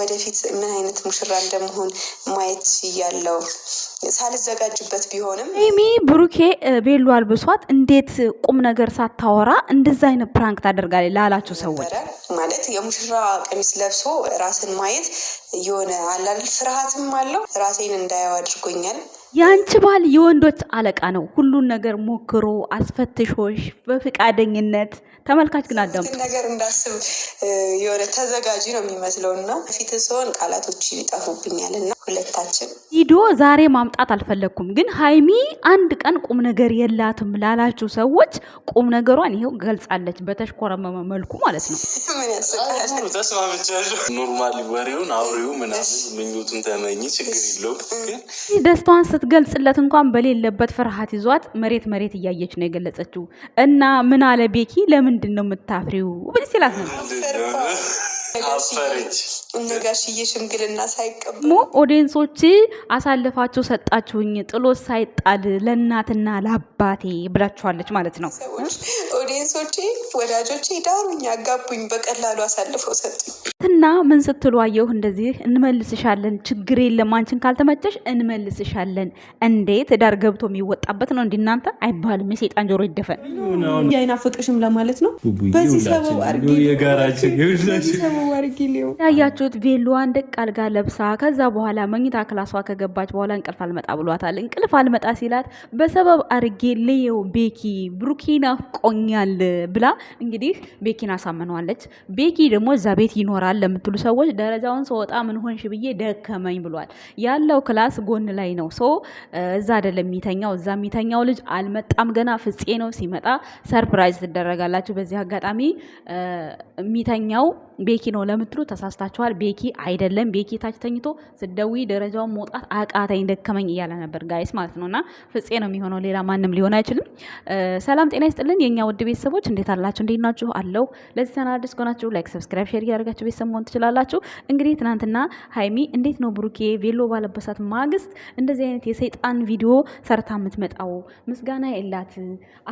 ወደፊት ምን አይነት ሙሽራ እንደመሆን ማየት ያለው ሳልዘጋጅበት ቢሆንም ሚ ብሩኬ ቤሎ አልብሷት እንዴት ቁም ነገር ሳታወራ እንደዛ አይነት ፕራንክ ታደርጋለች ላላቸው ሰዎች ማለት የሙሽራ ቀሚስ ለብሶ ራስን ማየት የሆነ አላል ፍርሃትም አለው ራሴን እንዳየው አድርጎኛል። የአንቺ ባል የወንዶች አለቃ ነው። ሁሉን ነገር ሞክሮ አስፈትሾሽ በፈቃደኝነት ተመልካች ግን አዳም ነገር እንዳስብ የሆነ ተዘጋጂ ነው የሚመስለው እና ፊት ሲሆን ቃላቶች ይጠፉብኛል እና ሁለታችን ቪዲዮ ዛሬ ማምጣት አልፈለግኩም፣ ግን ሀይሚ አንድ ቀን ቁም ነገር የላትም ላላችሁ ሰዎች ቁም ነገሯን ይሄው ገልጻለች፣ በተሽኮረመመ መልኩ ማለት ነው። ኖርማል ወሬውን አውሬው ምናምን ምኞቱን ተመኝ ችግር የለውም። ግን ደስታዋን ስትገልጽለት እንኳን በሌለበት ፍርሃት ይዟት መሬት መሬት እያየች ነው የገለጸችው። እና ምን አለ ቤኪ፣ ለምንድን ነው የምታፍሪው? ሲላት ነው ጋሽዬ ሽምግልና ሳይቀበሉ ኦዲየንሶች አሳልፋችሁ ሰጣችሁኝ፣ ጥሎት ሳይጣል ለእናትና ለአባቴ ብላችኋለች ማለት ነው። ኦዲየንሶቼ፣ ወዳጆቼ ዳሩኝ፣ አጋቡኝ፣ በቀላሉ አሳልፈው ሰጡኝ። እና ምን ስትሉ አየሁ እንደዚህ እንመልስሻለን፣ ችግር የለም አንቺን ካልተመቸሽ እንመልስሻለን። እንዴት ዳር ገብቶ የሚወጣበት ነው እንዲ እናንተ አይባልም። የሴጣን ጆሮ ይደፈን። አይናፍቅሽም ለማለት ነው። በዚህ ሰበብ ያያችሁት ቬሎዋን ደቅ አልጋ ለብሳ ከዛ በኋላ መኝታ ክላሷ ከገባች በኋላ እንቅልፍ አልመጣ ብሏታል። እንቅልፍ አልመጣ ሲላት በሰበብ አርጌ ልየው ቤኪ ብሩኪና ቆኛል ብላ እንግዲህ ቤኪን አሳምነዋለች። ቤኪ ደግሞ እዛ ቤት ይኖራል ለምትሉ ሰዎች ደረጃውን ስወጣ ምን ሆንሽ ብዬ ደከመኝ ብሏል። ያለው ክላስ ጎን ላይ ነው። ሶ እዛ አይደለም የሚተኛው። እዛ የሚተኛው ልጅ አልመጣም ገና ፍፄ ነው። ሲመጣ ሰርፕራይዝ ትደረጋላችሁ። በዚህ አጋጣሚ የሚተኛው ቤኪ ነው ለምትሉ ተሳስታችኋል። ቤኪ አይደለም። ቤኪ ታች ተኝቶ ስደዊ ደረጃውን መውጣት አቃተኝ ደከመኝ እያለ ነበር ጋይስ ማለት ነው። እና ፍፄ ነው የሚሆነው፣ ሌላ ማንም ሊሆን አይችልም። ሰላም ጤና ይስጥልን የእኛ ውድ ቤተሰቦች፣ እንዴት አላችሁ? እንዴት ናችሁ? አለው ለዚህ ቻናል አዲስ ከሆናችሁ ላይክ፣ ሰብስክራይብ፣ ሼር እያደረጋችሁ ቤተሰብ መሆን ትችላላችሁ። እንግዲህ ትናንትና ሀይሚ እንዴት ነው ብሩኬ ቬሎ ባለበሳት ማግስት እንደዚህ አይነት የሰይጣን ቪዲዮ ሰርታ የምትመጣው ምስጋና የላት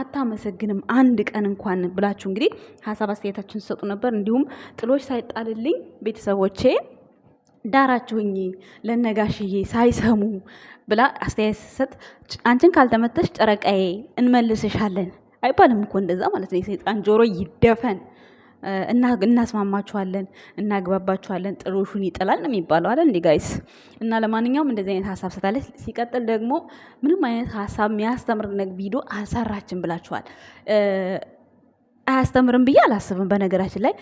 አታመሰግንም አንድ ቀን እንኳን ብላችሁ እንግዲህ ሀሳብ አስተያየታችሁን ትሰጡ ነበር እንዲሁም ጥሎ ነገሮች ሳይጣልልኝ ቤተሰቦቼ ዳራችሁኝ ለነጋሽዬ ሳይሰሙ ብላ አስተያየት ስትሰጥ አንቺን ካልተመተሽ ጨረቃዬ እንመልስሻለን አይባልም እኮ እንደዛ ማለት ነው። የሰይጣን ጆሮ ይደፈን። እናስማማችኋለን፣ እናግባባችኋለን፣ ጥሩሹን ይጥላል ነው የሚባለው አለ እንዲ ጋይስ። እና ለማንኛውም እንደዚህ አይነት ሀሳብ ሰታለች። ሲቀጥል ደግሞ ምንም አይነት ሀሳብ የሚያስተምር ቪዲዮ አልሰራችን ብላችኋል። አያስተምርም ብዬ አላስብም። በነገራችን ላይ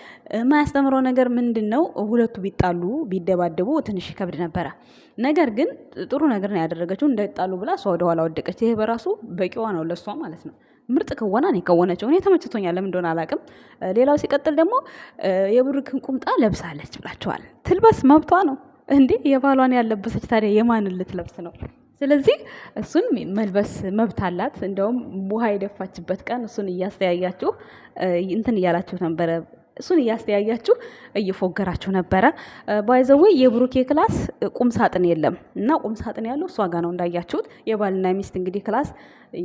የማያስተምረው ነገር ምንድን ነው? ሁለቱ ቢጣሉ ቢደባደቡ ትንሽ ይከብድ ነበረ። ነገር ግን ጥሩ ነገር ነው ያደረገችው። እንዳይጣሉ ብላ እሷ ወደኋላ ወደቀች። ይሄ በራሱ በቂዋ ነው ለእሷ ማለት ነው። ምርጥ ክወና ነው የከወነችው። እኔ ተመችቶኛል፣ ለምን እንደሆነ አላውቅም። ሌላው ሲቀጥል ደግሞ የብሩክን ቁምጣ ለብሳለች ብላችኋል። ትልበስ መብቷ ነው እንዴ! የባሏን ያለበሰች ታዲያ የማንን ልትለብስ ነው? ስለዚህ እሱን መልበስ መብት አላት። እንደውም ውሃ የደፋችበት ቀን እሱን እያስተያያችሁ እንትን እያላችሁ ነበረ እሱን እያስተያያችሁ እየፎገራችሁ ነበረ። ባይዘዌ የብሩኬ ክላስ ቁም ሳጥን የለም እና ቁም ሳጥን ያለው እሷ ጋ ነው እንዳያችሁት። የባልና ሚስት እንግዲህ ክላስ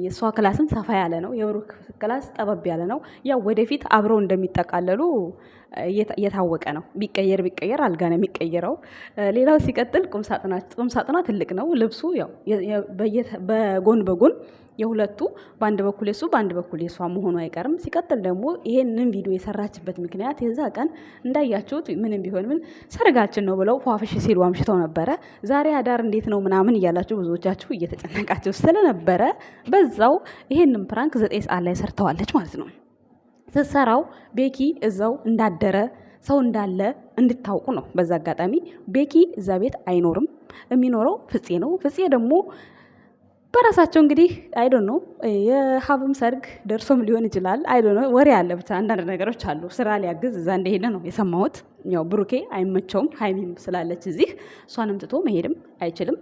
የእሷ ክላስም ሰፋ ያለ ነው፣ የብሩክ ክላስ ጠበብ ያለ ነው። ያው ወደፊት አብረው እንደሚጠቃለሉ የታወቀ ነው። ቢቀየር ቢቀየር አልጋ ነው የሚቀየረው። ሌላው ሲቀጥል ቁምሳጥና ትልቅ ነው። ልብሱ ያው በጎን በጎን የሁለቱ በአንድ በኩል የሱ በአንድ በኩል የሷ መሆኑ አይቀርም። ሲቀጥል ደግሞ ይሄንን ቪዲዮ የሰራችበት ምክንያት የዛ ቀን እንዳያችሁት ምንም ቢሆን ምን ሰርጋችን ነው ብለው ፏፍሽ ሲሉ አምሽተው ነበረ። ዛሬ አዳር እንዴት ነው ምናምን እያላችሁ ብዙዎቻችሁ እየተጨነቃችሁ ስለነበረ በዛው ይሄንን ፕራንክ ዘጠኝ ሰዓት ላይ ሰርተዋለች ማለት ነው። ስትሰራው ቤኪ እዛው እንዳደረ ሰው እንዳለ እንድታውቁ ነው። በዛ አጋጣሚ ቤኪ እዛ ቤት አይኖርም፣ የሚኖረው ፍፄ ነው። ፍፄ ደግሞ በራሳቸው እንግዲህ አይዶ ነው የሀብም ሰርግ ደርሶም ሊሆን ይችላል። አይዶ ነው ወሬ አለ ብቻ አንዳንድ ነገሮች አሉ። ስራ ሊያግዝ እዛ እንደሄደ ነው የሰማሁት። ያው ብሩኬ አይመቸውም፣ ሀይሚም ስላለች እዚህ እሷንም ትቶ መሄድም አይችልም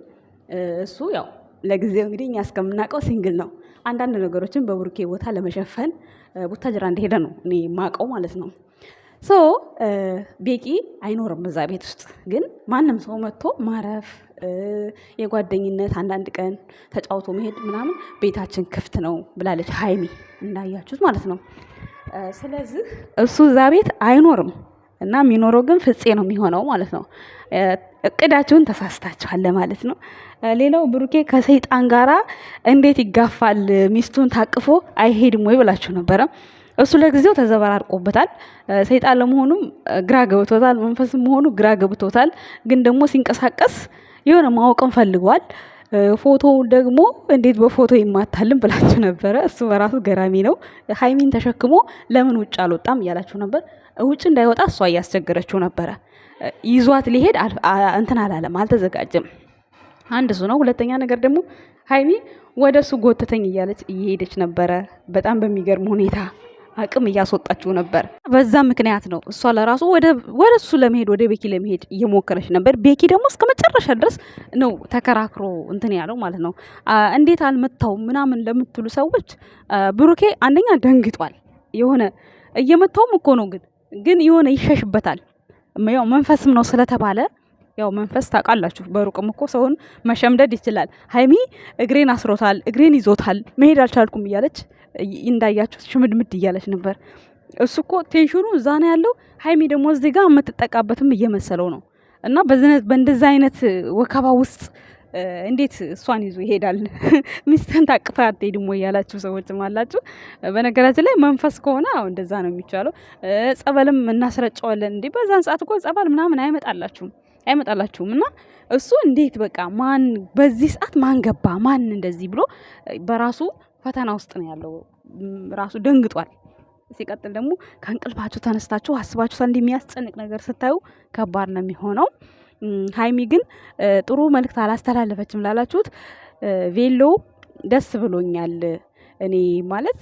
እሱ ያው ለጊዜው እንግዲህ እኛ እስከምናውቀው ሲንግል ነው። አንዳንድ ነገሮችን በቡርኬ ቦታ ለመሸፈን ቡታጅራ እንደሄደ ነው እኔ ማቀው ማለት ነው። ሶ ቤቂ አይኖርም እዛ ቤት ውስጥ ግን ማንም ሰው መጥቶ ማረፍ የጓደኝነት አንዳንድ ቀን ተጫውቶ መሄድ ምናምን ቤታችን ክፍት ነው ብላለች ሀይሚ እንዳያችሁት ማለት ነው። ስለዚህ እሱ እዛ ቤት አይኖርም። እና የሚኖረው ግን ፍፄ ነው የሚሆነው ማለት ነው። እቅዳችሁን ተሳስታችኋል ማለት ነው። ሌላው ብሩኬ ከሰይጣን ጋራ እንዴት ይጋፋል ሚስቱን ታቅፎ አይሄድም ወይ ብላችሁ ነበረ። እሱ ለጊዜው ተዘበራርቆበታል። ሰይጣን ለመሆኑም ግራ ገብቶታል፣ መንፈስም መሆኑ ግራ ገብቶታል። ግን ደግሞ ሲንቀሳቀስ የሆነ ማወቅን ፈልጓል። ፎቶውን ደግሞ እንዴት በፎቶ ይማታልን ብላችሁ ነበረ። እሱ በራሱ ገራሚ ነው። ሀይሚን ተሸክሞ ለምን ውጭ አልወጣም እያላችሁ ነበር። ውጭ እንዳይወጣ እሷ እያስቸገረችው ነበረ። ይዟት ሊሄድ እንትን አላለም፣ አልተዘጋጀም። አንድ እሱ ነው። ሁለተኛ ነገር ደግሞ ሀይሚ ወደ እሱ ጎተተኝ እያለች እየሄደች ነበረ። በጣም በሚገርም ሁኔታ አቅም እያስወጣችው ነበር። በዛ ምክንያት ነው እሷ ለራሱ ወደ እሱ ለመሄድ ወደ ቤኪ ለመሄድ እየሞከረች ነበር። ቤኪ ደግሞ እስከ መጨረሻ ድረስ ነው ተከራክሮ እንትን ያለው ማለት ነው። እንዴት አልመታውም ምናምን ለምትሉ ሰዎች ብሩኬ አንደኛ ደንግጧል። የሆነ እየመታውም እኮ ነው ግን ግን የሆነ ይሸሽበታል። ያው መንፈስም ነው ስለተባለ ያው መንፈስ ታውቃላችሁ። በሩቅም እኮ ሰውን መሸምደድ ይችላል። ሀይሚ እግሬን አስሮታል፣ እግሬን ይዞታል፣ መሄድ አልቻልኩም እያለች እንዳያችሁ ሽምድምድ እያለች ነበር። እሱ እኮ ቴንሽኑ እዛ ነው ያለው። ሀይሚ ደግሞ እዚህ ጋር የምትጠቃበትም እየመሰለው ነው እና በዚህ አይነት ወከባ ውስጥ እንዴት እሷን ይዞ ይሄዳል? ሚስተን ታቅፋ አትሄድም ወይ ያላችሁ ሰዎችም አላችሁ። በነገራችን ላይ መንፈስ ከሆነ አሁ እንደዛ ነው የሚቻለው። ጸበልም እናስረጨዋለን እንዴ። በዛን ሰዓት እኮ ጸበል ምናምን አይመጣላችሁም አይመጣላችሁም እና እሱ እንዴት በቃ ማን በዚህ ሰዓት ማን ገባ ማን እንደዚህ ብሎ በራሱ ፈተና ውስጥ ነው ያለው። ራሱ ደንግጧል። ሲቀጥል ደግሞ ከእንቅልፋችሁ ተነስታችሁ አስባችሁታል። የሚያስጨንቅ ነገር ስታዩ ከባድ ነው የሚሆነው። ሀይሚ ግን ጥሩ መልእክት አላስተላለፈችም ላላችሁት ቬሎ ደስ ብሎኛል። እኔ ማለት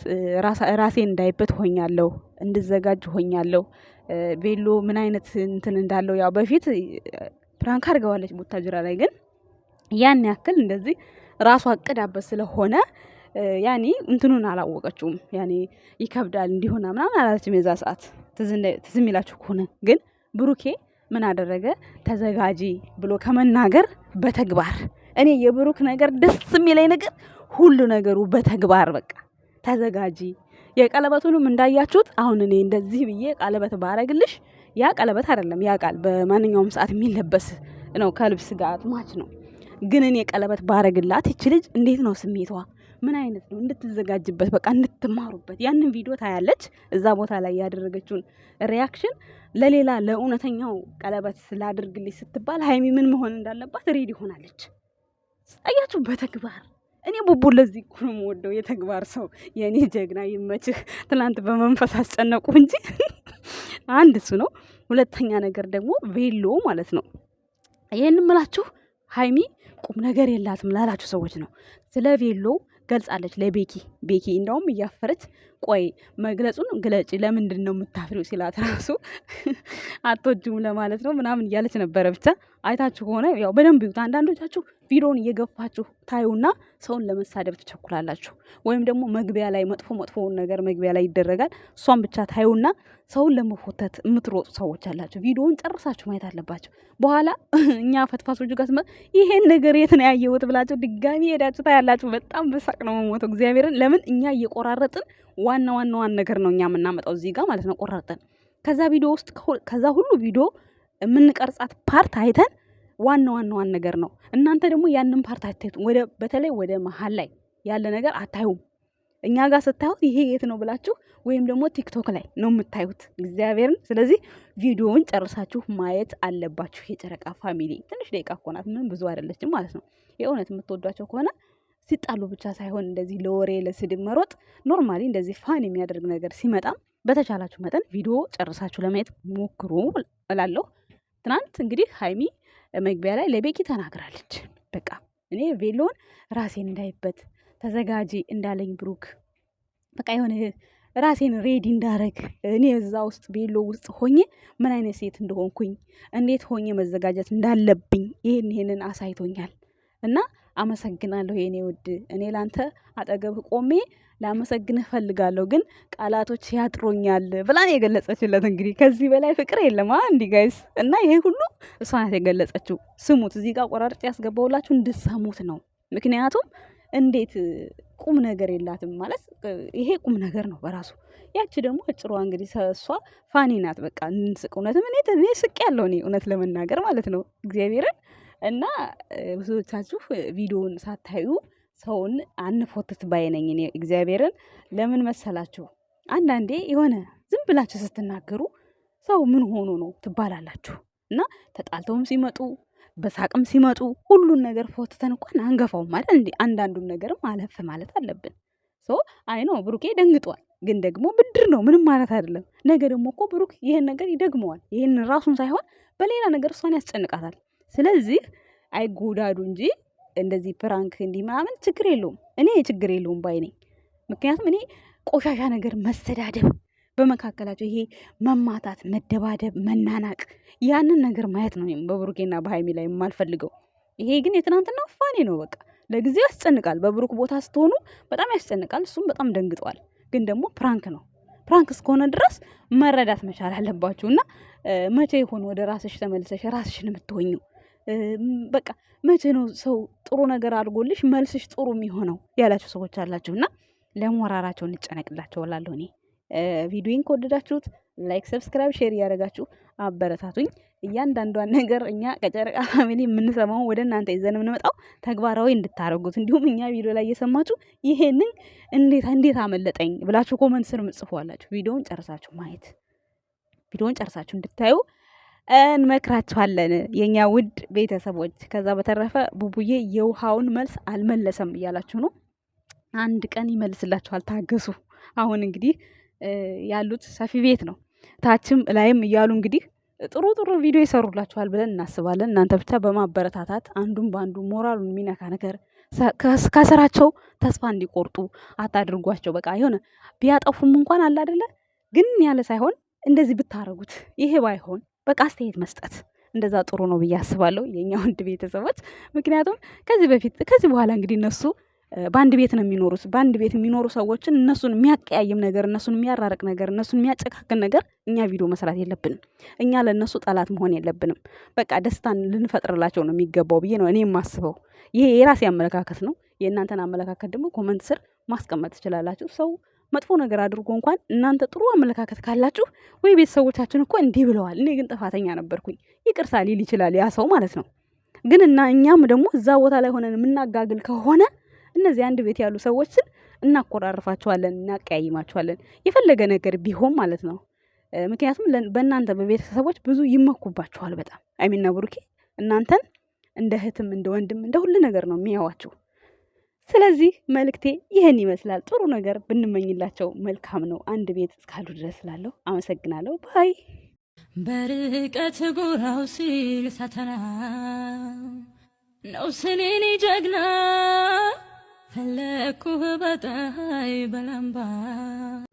ራሴን እንዳይበት ሆኛለሁ፣ እንድዘጋጅ ሆኛለሁ። ቬሎ ምን አይነት እንትን እንዳለው ያው በፊት ፕራንክ አድርገዋለች ቦታጅራ ላይ ግን ያን ያክል እንደዚህ ራሷ አቅዳበት ስለሆነ ያኔ እንትኑን አላወቀችውም። ያኔ ይከብዳል እንዲሆና ምናምን አላለችም። የዛ ሰዓት ትዝ የሚላችሁ ከሆነ ግን ብሩኬ ምን አደረገ? ተዘጋጂ ብሎ ከመናገር በተግባር እኔ የብሩክ ነገር ደስ የሚለኝ ነገር ሁሉ ነገሩ በተግባር በቃ ተዘጋጂ። የቀለበቱንም እንዳያችሁት አሁን እኔ እንደዚህ ብዬ ቀለበት ባረግልሽ ያ ቀለበት አይደለም። ያ ቃል በማንኛውም ሰዓት የሚለበስ ነው፣ ከልብስ ጋር ማች ነው። ግን እኔ ቀለበት ባረግላት ይች ልጅ እንዴት ነው ስሜቷ? ምን አይነት ነው እንድትዘጋጅበት፣ በቃ እንድትማሩበት። ያንን ቪዲዮ ታያለች እዛ ቦታ ላይ ያደረገችውን ሪያክሽን ለሌላ ለእውነተኛው ቀለበት ስላድርግልኝ ስትባል ሀይሚ ምን መሆን እንዳለባት ሬዲ ሆናለች። አያችሁ በተግባር እኔ ቦቦ ለዚህ እኮ ነው የምወደው፣ የተግባር ሰው የእኔ ጀግና ይመችህ። ትናንት በመንፈስ አስጨነቁ እንጂ አንድ እሱ ነው። ሁለተኛ ነገር ደግሞ ቬሎ ማለት ነው። ይህን ምላችሁ ሀይሚ ቁም ነገር የላትም ላላችሁ ሰዎች ነው ስለ ቬሎ ገልጻለች ለቤኪ ቤኪ እንደውም እያፈረች ቆይ መግለጹን ግለጪ፣ ለምንድን ነው የምታፍሪው ሲላት ራሱ አትወጂውም ለማለት ነው ምናምን እያለች ነበረ። ብቻ አይታችሁ ከሆነ ያው በደንብ ይዩት። አንዳንዶቻችሁ ቪዲዮን እየገፋችሁ ታዩና ሰውን ለመሳደብ ትቸኩላላችሁ። ወይም ደግሞ መግቢያ ላይ መጥፎ መጥፎውን ነገር መግቢያ ላይ ይደረጋል። እሷን ብቻ ታዩና ሰውን ለመፎተት የምትሮጡ ሰዎች አላችሁ። ቪዲዮውን ጨርሳችሁ ማየት አለባቸው። በኋላ እኛ ፈትፋሶቹ ጋር ስመ ይሄን ነገር የት ነው ያየሁት ብላችሁ ድጋሚ ሄዳችሁ ታያላችሁ። በጣም በሳቅ ነው መሞተው እግዚአብሔርን። ለምን እኛ እየቆራረጥን ዋና ዋናዋን ነገር ነው እኛ የምናመጣው እዚህ ጋር ማለት ነው ቆራርጠን። ከዛ ቪዲዮ ውስጥ ከዛ ሁሉ ቪዲዮ የምንቀርጻት ፓርት አይተን ዋና ዋናዋን ነገር ነው። እናንተ ደግሞ ያንን ፓርት አታዩት፣ ወደ በተለይ ወደ መሀል ላይ ያለ ነገር አታዩም። እኛ ጋር ስታዩት ይሄ የት ነው ብላችሁ ወይም ደግሞ ቲክቶክ ላይ ነው የምታዩት እግዚአብሔርን። ስለዚህ ቪዲዮውን ጨርሳችሁ ማየት አለባችሁ። የጨረቃ ፋሚሊ ትንሽ ደቂቃ እኮ ናት፣ ምን ብዙ አይደለችም ማለት ነው። የእውነት የምትወዷቸው ከሆነ ሲጣሉ ብቻ ሳይሆን እንደዚህ ለወሬ ለስድብ መሮጥ ኖርማሊ እንደዚህ ፋን የሚያደርግ ነገር ሲመጣም በተቻላችሁ መጠን ቪዲዮ ጨርሳችሁ ለማየት ሞክሩ እላለሁ። ትናንት እንግዲህ ሀይሚ መግቢያ ላይ ለቤኪ ተናግራለች። በቃ እኔ ቬሎን ራሴን እንዳይበት ተዘጋጂ እንዳለኝ ብሩክ በቃ የሆነ ራሴን ሬዲ እንዳረግ እኔ እዛ ውስጥ ቤሎ ውስጥ ሆኜ ምን አይነት ሴት እንደሆንኩኝ እንዴት ሆኜ መዘጋጀት እንዳለብኝ ይህን ይህንን አሳይቶኛል እና አመሰግናለሁ የኔ ውድ። እኔ ላንተ አጠገብ ቆሜ ላመሰግንህ ፈልጋለሁ፣ ግን ቃላቶች ያጥሮኛል ብላን የገለጸችለት። እንግዲህ ከዚህ በላይ ፍቅር የለም እንዲ ጋይስ። እና ይሄ ሁሉ እሷ ናት የገለጸችው። ስሙት፣ እዚህ ጋር ቆራርጬ ያስገባውላችሁ እንድሰሙት ነው። ምክንያቱም እንዴት ቁም ነገር የላትም ማለት ይሄ ቁም ነገር ነው በራሱ። ያቺ ደግሞ አጭሯ እንግዲህ እሷ ፋኒ ናት። በቃ እንስቅ። እውነትም እኔ ስቅ ያለው እኔ እውነት ለመናገር ማለት ነው እግዚአብሔርን እና ብዙዎቻችሁ ቪዲዮውን ሳታዩ ሰውን አንፎትት ባይነኝ እኔ እግዚአብሔርን ለምን መሰላችሁ? አንዳንዴ የሆነ ዝም ብላችሁ ስትናገሩ ሰው ምን ሆኖ ነው ትባላላችሁ። እና ተጣልተውም ሲመጡ በሳቅም ሲመጡ ሁሉን ነገር ፎትተን እንኳን አንገፋውም ማለት እንዲ አንዳንዱን ነገርም አለፍ ማለት አለብን። ሶ አይ ነው ብሩኬ ደንግጧል፣ ግን ደግሞ ብድር ነው ምንም ማለት አይደለም። ነገ ደግሞ እኮ ብሩክ ይህን ነገር ይደግመዋል። ይህን ራሱን ሳይሆን በሌላ ነገር እሷን ያስጨንቃታል። ስለዚህ አይጎዳዱ እንጂ እንደዚህ ፕራንክ እንዲህ ምናምን ችግር የለውም። እኔ ችግር የለውም ባይ ነኝ። ምክንያቱም እኔ ቆሻሻ ነገር መሰዳደብ፣ በመካከላቸው ይሄ መማታት፣ መደባደብ፣ መናናቅ ያንን ነገር ማየት ነው በብሩኬና በሀይሚ ላይ የማልፈልገው። ይሄ ግን የትናንትና ፋኔ ነው። በቃ ለጊዜው ያስጨንቃል። በብሩክ ቦታ ስትሆኑ በጣም ያስጨንቃል። እሱም በጣም ደንግጠዋል። ግን ደግሞ ፕራንክ ነው። ፕራንክ እስከሆነ ድረስ መረዳት መቻል አለባችሁ እና መቼ ይሆን ወደ ራስሽ ተመልሰሽ ራስሽን የምትሆኘው? በቃ መቼ ነው ሰው ጥሩ ነገር አድርጎልሽ መልስሽ ጥሩ የሚሆነው ያላችሁ ሰዎች አላችሁ እና ለሞራራቸው እንጨነቅላቸው እላለሁ እኔ። ቪዲዮን ከወደዳችሁት ላይክ፣ ሰብስክራይብ፣ ሼር እያደረጋችሁ አበረታቱኝ። እያንዳንዷን ነገር እኛ ከጨረቃ ፋሚሊ የምንሰማው ወደ እናንተ ይዘን የምንመጣው ተግባራዊ እንድታደርጉት እንዲሁም እኛ ቪዲዮ ላይ እየሰማችሁ ይሄንን እንዴት እንዴት አመለጠኝ ብላችሁ ኮመንት ስር አላችሁ ቪዲዮውን ጨርሳችሁ ማየት ቪዲዮውን ጨርሳችሁ እንድታዩ እንመክራችኋለን የኛ ውድ ቤተሰቦች። ከዛ በተረፈ ቡቡዬ የውሃውን መልስ አልመለሰም እያላችሁ ነው። አንድ ቀን ይመልስላችኋል፣ ታገሱ። አሁን እንግዲህ ያሉት ሰፊ ቤት ነው፣ ታችም ላይም እያሉ እንግዲህ ጥሩ ጥሩ ቪዲዮ ይሰሩላችኋል ብለን እናስባለን። እናንተ ብቻ በማበረታታት አንዱም በአንዱ ሞራሉን የሚነካ ነገር ከስራቸው ተስፋ እንዲቆርጡ አታድርጓቸው። በቃ የሆነ ቢያጠፉም እንኳን አለ አይደለ ግን ያለ ሳይሆን እንደዚህ ብታረጉት ይሄ ባይሆን በቃ አስተያየት መስጠት እንደዛ ጥሩ ነው ብዬ አስባለሁ፣ የኛ ወንድ ቤተሰቦች። ምክንያቱም ከዚህ በፊት ከዚህ በኋላ እንግዲህ እነሱ በአንድ ቤት ነው የሚኖሩት። በአንድ ቤት የሚኖሩ ሰዎችን እነሱን የሚያቀያይም ነገር፣ እነሱን የሚያራርቅ ነገር፣ እነሱን የሚያጨካክን ነገር እኛ ቪዲዮ መስራት የለብንም። እኛ ለእነሱ ጠላት መሆን የለብንም። በቃ ደስታን ልንፈጥርላቸው ነው የሚገባው ብዬ ነው እኔ የማስበው። ይሄ የራሴ አመለካከት ነው። የእናንተን አመለካከት ደግሞ ኮመንት ስር ማስቀመጥ ትችላላችሁ ሰው መጥፎ ነገር አድርጎ እንኳን እናንተ ጥሩ አመለካከት ካላችሁ ወይ ቤተሰቦቻችን እኮ እንዲህ ብለዋል፣ እኔ ግን ጥፋተኛ ነበርኩኝ ይቅርታ ሊል ይችላል ያ ሰው ማለት ነው። ግን እና እኛም ደግሞ እዛ ቦታ ላይ ሆነን የምናጋግል ከሆነ እነዚህ አንድ ቤት ያሉ ሰዎችን እናኮራርፋቸዋለን፣ እናቀያይማቸዋለን የፈለገ ነገር ቢሆን ማለት ነው። ምክንያቱም በእናንተ በቤተሰቦች ብዙ ይመኩባቸዋል በጣም አይሚና ብሩኬ እናንተን እንደ እህትም እንደ ወንድም እንደ ሁሉ ነገር ነው የሚያዋችሁ። ስለዚህ መልእክቴ ይህን ይመስላል። ጥሩ ነገር ብንመኝላቸው መልካም ነው፣ አንድ ቤት እስካሉ ድረስ ስላለሁ አመሰግናለሁ። ባይ በርቀት ጎራው ሲል ሳተና ነው ጀግና ፈለግኩህ በፀሐይ በላምባ